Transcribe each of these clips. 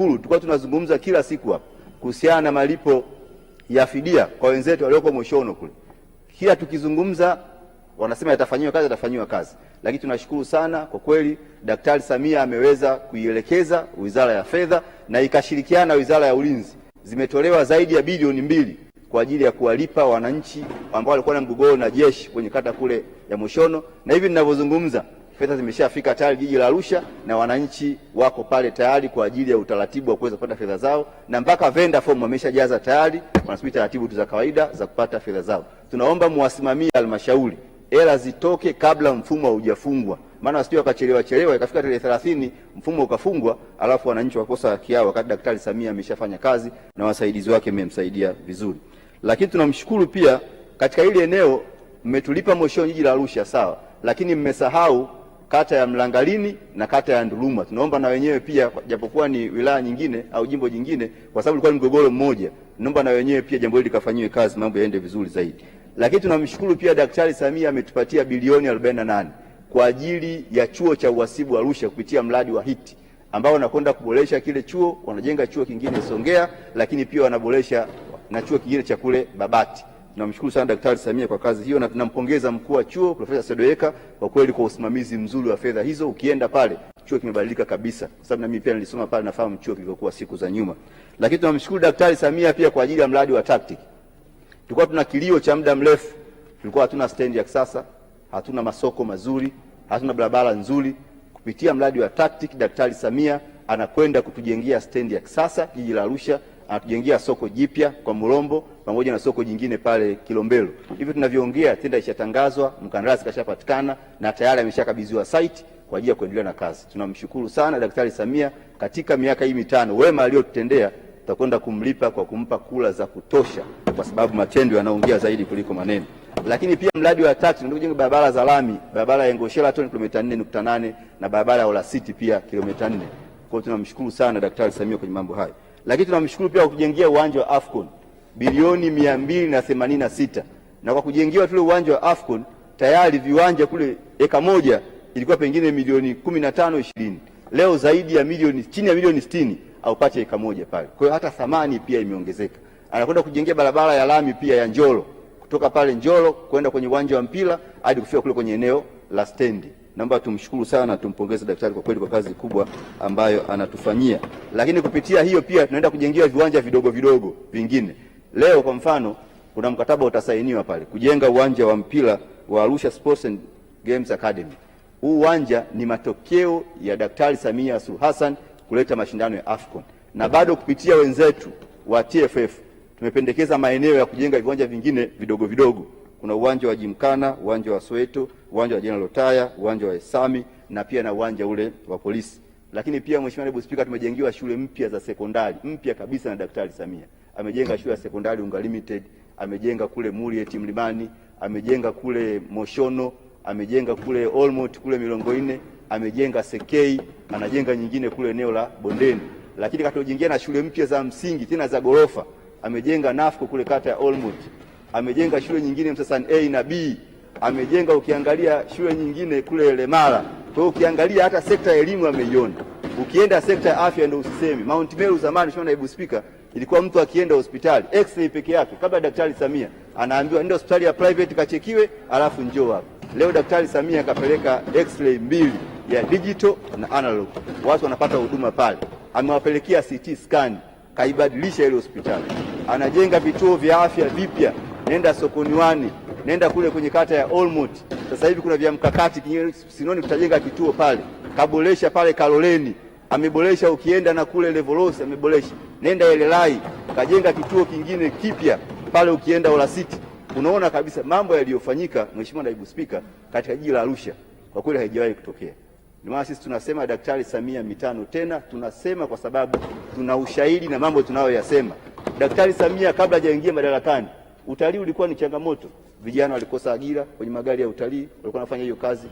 Kulu tulikuwa tunazungumza kila siku hapa kuhusiana na malipo ya fidia kwa wenzetu walioko Moshono kule. Kila tukizungumza wanasema yatafanyiwa kazi, yatafanyiwa kazi, lakini tunashukuru sana kwa kweli, Daktari Samia ameweza kuielekeza Wizara ya Fedha na ikashirikiana na Wizara ya Ulinzi, zimetolewa zaidi ya bilioni mbili kwa ajili ya kuwalipa wananchi ambao walikuwa na mgogoro na jeshi kwenye kata kule ya Moshono, na hivi ninavyozungumza Fedha zimeshafika tayari jiji la Arusha na wananchi wako pale tayari kwa ajili ya utaratibu wa kuweza kupata fedha zao, na mpaka vendor form wameshajaza tayari, wanasubiri taratibu tu za kawaida za kupata fedha zao. Tunaomba muwasimamie halmashauri hela zitoke kabla mfumo haujafungwa, maana wasije wakachelewa chelewa ikafika tarehe 30 mfumo ukafungwa, alafu wananchi wakosa haki yao, wakati Daktari Samia ameshafanya kazi na wasaidizi wake mmemsaidia vizuri. Lakini tunamshukuru pia katika ile eneo mmetulipa moshoni jiji la Arusha sawa, lakini mmesahau kata ya Mlangalini na kata ya Nduluma. Tunaomba na wenyewe pia, japokuwa ni wilaya nyingine au jimbo jingine, kwa sababu ilikuwa ni mgogoro mmoja, naomba na wenyewe pia jambo hili likafanyiwe kazi, mambo yaende vizuri zaidi. Lakini tunamshukuru pia Daktari Samia ametupatia bilioni 48 kwa ajili ya chuo cha uhasibu Arusha kupitia mradi wa HITI ambao wanakwenda kuboresha kile chuo, wanajenga chuo kingine Songea, lakini pia wanaboresha na chuo kingine cha kule Babati. Tunamshukuru sana Daktari Samia kwa kazi hiyo, na tunampongeza mkuu wa chuo Profesa Sedoeka kwa kweli kwa usimamizi mzuri wa fedha hizo. Ukienda pale chuo kimebadilika kabisa, kwa sababu na mimi pia nilisoma pale, nafahamu chuo kilivyokuwa siku za nyuma. Lakini tunamshukuru Daktari Samia pia kwa ajili ya mradi wa TACTIC. Tulikuwa tuna kilio cha muda mrefu, tulikuwa hatuna stendi ya kisasa, hatuna masoko mazuri, hatuna barabara nzuri. Kupitia mradi wa TACTIC, Daktari Samia anakwenda kutujengea stendi ya kisasa jiji la Arusha anatujengia soko jipya kwa Mrombo pamoja na soko jingine pale Kilombero. Hivi tunavyoongea tenda ishatangazwa, mkandarasi kashapatikana na tayari ameshakabidhiwa site kwa ajili ya kuendelea na kazi. Tunamshukuru sana Daktari Samia, katika miaka hii mitano wema aliyotutendea tutakwenda kumlipa kwa kumpa kula za kutosha, kwa sababu matendo yanaongea zaidi kuliko maneno. Lakini pia mradi wa tatu ndio kujenga barabara za lami, barabara ya Ngoshela tu kilomita 4.8 na barabara ya Ola City pia kilomita 4. Kwa hiyo tunamshukuru sana Daktari Samia kwenye mambo hayo. Lakini tunamshukuru pia kwa kujengea uwanja wa AFCON bilioni mia mbili na sita na kwa kujengiwa tule uwanja wa AFCON tayari viwanja kule eka moja ilikuwa pengine milioni kumi na tano ishirini leo zaidi ya milioni chini ya milioni au aupate eka moja pale. Kwa hiyo hata thamani pia imeongezeka. Anakwenda kujengea barabara ya lami pia ya Njolo kutoka pale Njolo kwenda kwenye uwanja wa mpira hadi kufika kule kwenye eneo la stendi naomba tumshukuru sana, tumpongeze daktari kwa kweli kwa kazi kubwa ambayo anatufanyia. Lakini kupitia hiyo pia tunaenda kujengiwa viwanja vidogo vidogo vingine. Leo kwa mfano, kuna mkataba utasainiwa pale kujenga uwanja wa mpira wa Arusha Sports and Games Academy. Huu uwanja ni matokeo ya Daktari Samia Suluhu Hassan kuleta mashindano ya AFCON, na bado kupitia wenzetu wa TFF tumependekeza maeneo ya kujenga viwanja vingine vidogo vidogo kuna uwanja wa Jimkana, uwanja wa Soweto, uwanja wa General Lotaya, uwanja wa Esami na pia na uwanja ule wa polisi. Lakini pia Mheshimiwa Naibu Spika, tumejengiwa shule mpya za sekondari mpya kabisa na Daktari Samia. Amejenga shule ya sekondari Unga Limited, amejenga kule Murieti Mlimani, amejenga kule Moshono, amejenga kule Olmot kule ine amejenga Sekei, anajenga nyingine kule eneo la Bondeni. Lakini katujengia na shule mpya za msingi tena za gorofa. Amejenga Nafuko kule kata ya Olmot amejenga shule nyingine Msasani A na B, amejenga ukiangalia shule nyingine kule Lemara. Kwa hiyo ukiangalia hata sekta ya elimu ameiona. Ukienda sekta ya afya ndio usisemi. Mount Meru zamani, shona naibu spika, ilikuwa mtu akienda hospitali x-ray peke yake kabla daktari Samia anaambiwa nenda hospitali ya private kachekiwe, alafu njoo hapa. Leo daktari Samia akapeleka x-ray mbili ya digital na analog, watu wanapata huduma pale. Amewapelekea CT scan, kaibadilisha ile hospitali. Anajenga vituo vya afya vipya nenda sokoni wani, nenda kule kwenye kata ya Olmut. Sasa hivi kuna vya mkakati Sinoni, kutajenga kituo pale, kaboresha pale Kaloleni ameboresha, ukienda na kule Levolosi ameboresha, nenda Elelai kajenga kituo kingine kipya pale, ukienda Olasiti unaona kabisa mambo yaliyofanyika, Mheshimiwa Naibu Spika, katika jiji la Arusha kwa kweli haijawahi kutokea. Ndio maana sisi tunasema Daktari Samia mitano tena, tunasema kwa sababu tuna ushahidi na mambo tunayoyasema. Daktari Samia kabla hajaingia madarakani Utalii ulikuwa ni changamoto, vijana walikosa ajira kwenye magari ya utalii, walikuwa wanafanya hiyo kazi.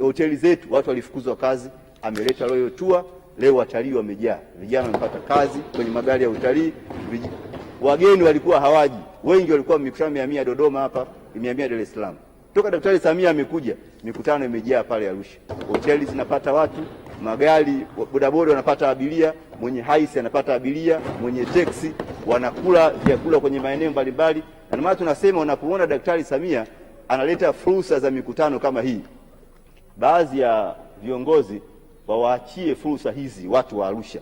Hoteli zetu watu walifukuzwa kazi, ameleta Royal Tour. Leo watalii wamejaa, vijana wamepata kazi kwenye magari ya utalii, wageni walikuwa hawaji, wengi walikuwa mikutano mia mia Dodoma hapa mia mia Dar es Salaam. Toka Daktari Samia amekuja mikutano imejaa pale Arusha, hoteli zinapata watu magari, bodaboda wanapata abiria, mwenye haisi anapata abiria, mwenye teksi wanakula vyakula kwenye maeneo mbalimbali. Na maana tunasema unapoona Daktari Samia analeta fursa za mikutano kama hii, baadhi ya viongozi wawaachie fursa hizi watu wa Arusha,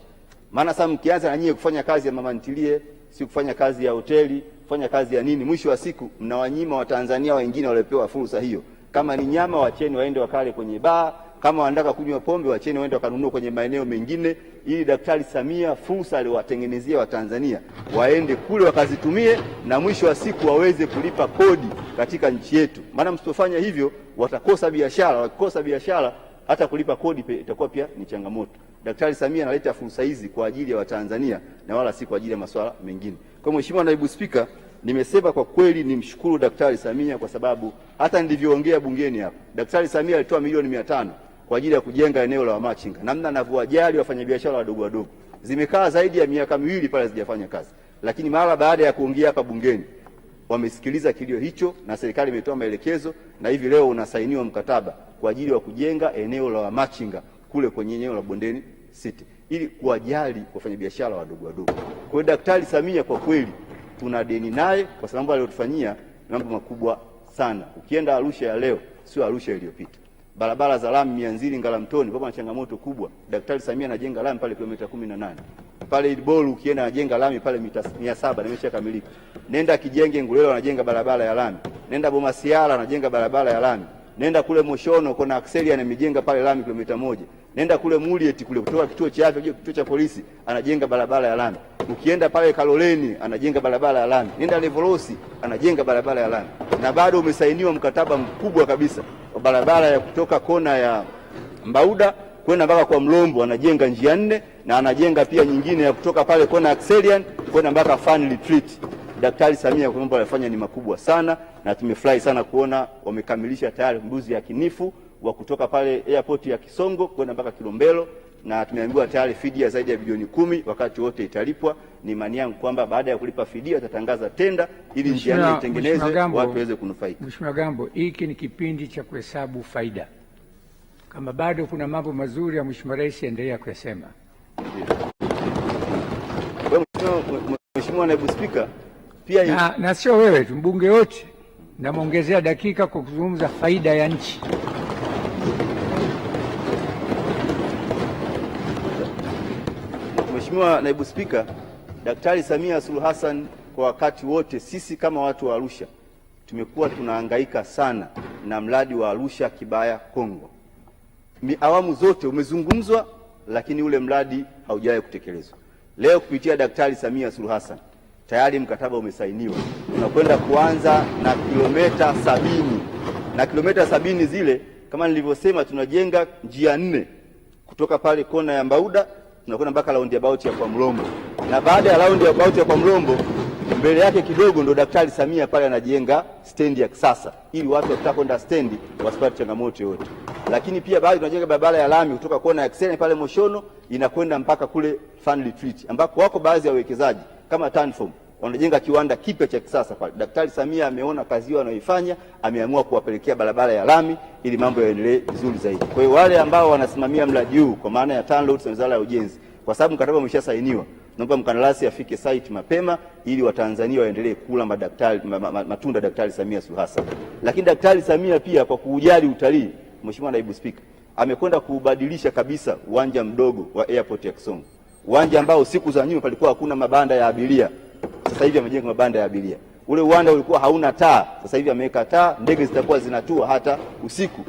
maana sasa mkianza na nyie kufanya kazi ya mama ntilie, si kufanya kazi ya hoteli, kufanya kazi ya nini, mwisho wa siku mnawanyima Watanzania wengine waliopewa fursa hiyo. Kama ni nyama, wacheni waende wakale kwenye baa kama wanataka kunywa pombe, wacheni waende wakanunua kwenye maeneo mengine, ili Daktari Samia fursa aliwatengenezia Watanzania waende kule wakazitumie, na mwisho wa siku waweze kulipa kodi katika nchi yetu, maana msipofanya hivyo watakosa biashara. Wakikosa biashara, hata kulipa kodi itakuwa pia ni changamoto. Daktari Samia analeta fursa hizi kwa ajili ya Watanzania na wala si kwa ajili ya masuala mengine. Kwa Mheshimiwa Naibu Spika, nimesema kwa kweli nimshukuru Daktari Samia kwa sababu hata nilivyoongea bungeni hapa, Daktari Samia alitoa milioni mia tano kwa ajili ya kujenga eneo la wamachinga, namna anavyowajali wafanyabiashara wadogo wadogo. Zimekaa zaidi ya miaka miwili pale hazijafanya kazi, lakini mara baada ya kuongea hapa bungeni wamesikiliza kilio hicho na serikali imetoa maelekezo, na hivi leo unasainiwa mkataba kwa ajili ya kujenga eneo la wamachinga kule kwenye eneo la Bondeni City ili kuwajali wafanyabiashara wadogo wadogo. Kwa hiyo Daktari Samia kwa kweli tuna deni naye kwa sababu aliyotufanyia mambo makubwa sana. Ukienda Arusha ya leo sio Arusha iliyopita barabara za lami Mianzini, Ngaramtoni papo na changamoto kubwa. Daktari Samia anajenga lami pale kilomita 18. pale Idboru, ukienda anajenga lami pale mita 700 saba na Nenda Kijenge Ngulelo, anajenga barabara ya lami. Nenda Bomasiara, anajenga barabara ya lami. Nenda kule Moshono, kuna Akseli anajenga pale lami kilomita moja. Nenda kule Muliet kule kutoka kituo cha afya kituo cha polisi anajenga barabara ya lami. Ukienda pale Kaloleni anajenga barabara ya lami. Nenda Levolosi anajenga barabara ya lami, na bado umesainiwa mkataba mkubwa kabisa barabara ya kutoka kona ya Mbauda kwenda mpaka kwa Mlombo anajenga njia nne na anajenga pia nyingine ya kutoka pale kona ya Axelian kwenda mpaka Fan Retreat. Daktari Samia kwa mambo alifanya ni makubwa sana, na tumefurahi sana kuona wamekamilisha tayari mbuzi ya kinifu wa kutoka pale airport ya Kisongo kwenda mpaka Kilombero na tumeambiwa tayari fidia zaidi ya bilioni kumi wakati wote italipwa. Ni imani yangu kwamba baada ya kulipa fidia watatangaza tenda ili njia itengenezwe, watu waweze kunufaika. Mheshimiwa Gambo, hiki ni kipindi cha kuhesabu faida. Kama bado kuna mambo mazuri ya Mheshimiwa Rais, endelea kuyasema. Mheshimiwa Naibu Spika, pia na, na sio wewe tu, mbunge wote namwongezea dakika kwa kuzungumza faida ya nchi. Mheshimiwa Naibu Spika, Daktari Samia Suluhu Hassan kwa wakati wote, sisi kama watu wa Arusha tumekuwa tunahangaika sana na mradi wa Arusha Kibaya Kongo. Awamu zote umezungumzwa, lakini ule mradi haujawahi kutekelezwa. Leo kupitia Daktari Samia Suluhu Hassan tayari mkataba umesainiwa, tunakwenda kuanza na kilomita sabini na kilomita sabini zile kama nilivyosema, tunajenga njia nne kutoka pale kona ya Mbauda tunakwenda mpaka round bauti ya kwa Mlombo, na baada ya round bauti ya kwa Mlombo mbele yake kidogo ndo Daktari Samia pale anajenga stendi ya kisasa ili watu wakitaka kwenda stendi wasipate changamoto yoyote. Lakini pia baadhi tunajenga barabara ya lami kutoka kona ya Kisene pale Moshono inakwenda mpaka kule Fun Retreat ambako wako baadhi ya wawekezaji kama Tanform wanajenga kiwanda kipya cha kisasa pale. Daktari Samia ameona kazi hiyo anayoifanya, ameamua kuwapelekea barabara ya lami ili mambo yaendelee vizuri zaidi. Kwa hiyo wale ambao wanasimamia mradi huu kwa maana ya TANROADS na Wizara ya Ujenzi, kwa sababu mkataba umeshasainiwa, naomba mkandarasi afike site mapema ili Watanzania waendelee kula madaktari, matunda Daktari Samia Suluhu Hassan. Lakini Daktari Samia pia kwa kuujali utalii, Mheshimiwa Naibu Spika, amekwenda kuubadilisha kabisa uwanja mdogo wa airport ya Kisongo, uwanja ambao siku za nyuma palikuwa hakuna mabanda ya abiria sasa hivi amejenga mabanda ya abiria. Ule uwanda ulikuwa hauna taa, sasa hivi ameweka taa, ndege zitakuwa zinatua hata usiku.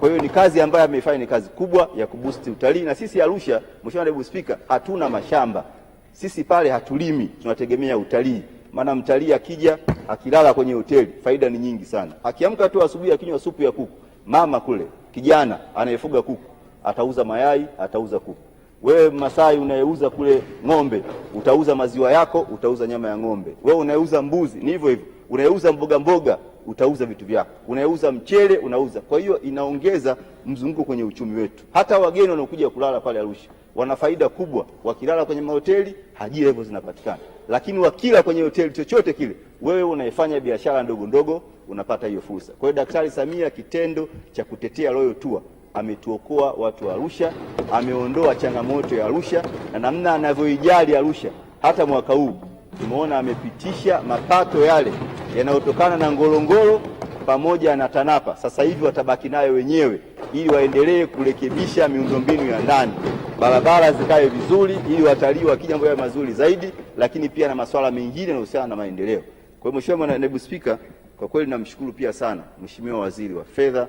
Kwa hiyo ni kazi ambayo ameifanya, ni kazi kubwa ya kubusti utalii. Na sisi Arusha, Mheshimiwa Naibu Spika, hatuna mashamba sisi, pale hatulimi, tunategemea utalii. Maana mtalii akija akilala kwenye hoteli faida ni nyingi sana. Akiamka tu asubuhi akinywa supu ya kuku, mama kule kijana anayefuga kuku atauza mayai, atauza kuku. Wewe Masai unayeuza kule ng'ombe, utauza maziwa yako, utauza nyama ya ng'ombe. Wewe unayeuza mbuzi, ni hivyo hivyo. Unayeuza mboga mboga, utauza vitu vyako. Unayeuza mchele, unauza. Kwa hiyo inaongeza mzunguko kwenye uchumi wetu. Hata wageni wanaokuja kulala pale Arusha wana faida kubwa, wakilala kwenye mahoteli, ajira hizo zinapatikana. Lakini wakila kwenye hoteli chochote kile, wewe unaifanya biashara ndogo ndogo, unapata hiyo fursa. Kwa hiyo Daktari Samia kitendo cha kutetea Royal Tour ametuokoa watu wa Arusha, ameondoa changamoto ya Arusha na namna anavyoijali Arusha. Hata mwaka huu tumeona amepitisha mapato yale yanayotokana na Ngorongoro pamoja na TANAPA, sasa hivi watabaki nayo wenyewe ili waendelee kurekebisha miundombinu ya ndani, barabara zikae vizuri, ili watalii wakija mambo mazuri zaidi, lakini pia na masuala mengine yanayohusiana na maendeleo. Kwa hiyo Mheshimiwa Naibu Spika, kwa kweli namshukuru pia sana Mheshimiwa Waziri wa Fedha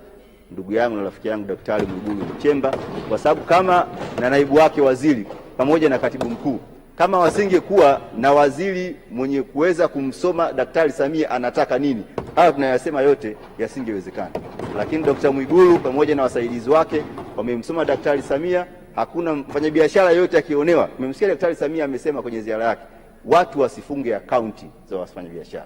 ndugu yangu na rafiki yangu Daktari Mwigulu Nchemba, kwa sababu kama na naibu wake waziri pamoja na katibu mkuu, kama wasingekuwa na waziri mwenye kuweza kumsoma Daktari Samia anataka nini, haya tunayasema yote yasingewezekana. Lakini Daktari Mwigulu pamoja na wasaidizi wake wamemsoma Daktari Samia. Hakuna mfanyabiashara yote akionewa. Mmemsikia Daktari Samia amesema kwenye ziara yake, watu wasifunge akaunti za wafanyabiashara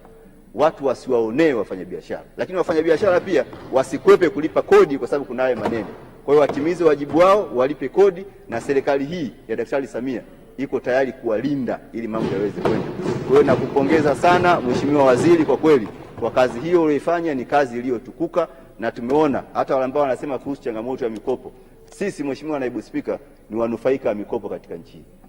watu wasiwaonee wafanyabiashara, lakini wafanyabiashara pia wasikwepe kulipa kodi, kwa sababu kuna haya maneno. Kwa hiyo watimize wajibu wao, walipe kodi, na serikali hii ya Daktari Samia iko tayari kuwalinda ili mambo yaweze kwenda. Kwa hiyo nakupongeza sana Mheshimiwa Waziri, kwa kweli kwa kazi hiyo uliyoifanya, ni kazi iliyotukuka, na tumeona hata wale ambao wanasema kuhusu changamoto ya mikopo, sisi Mheshimiwa Naibu Spika, ni wanufaika wa mikopo katika nchi hii.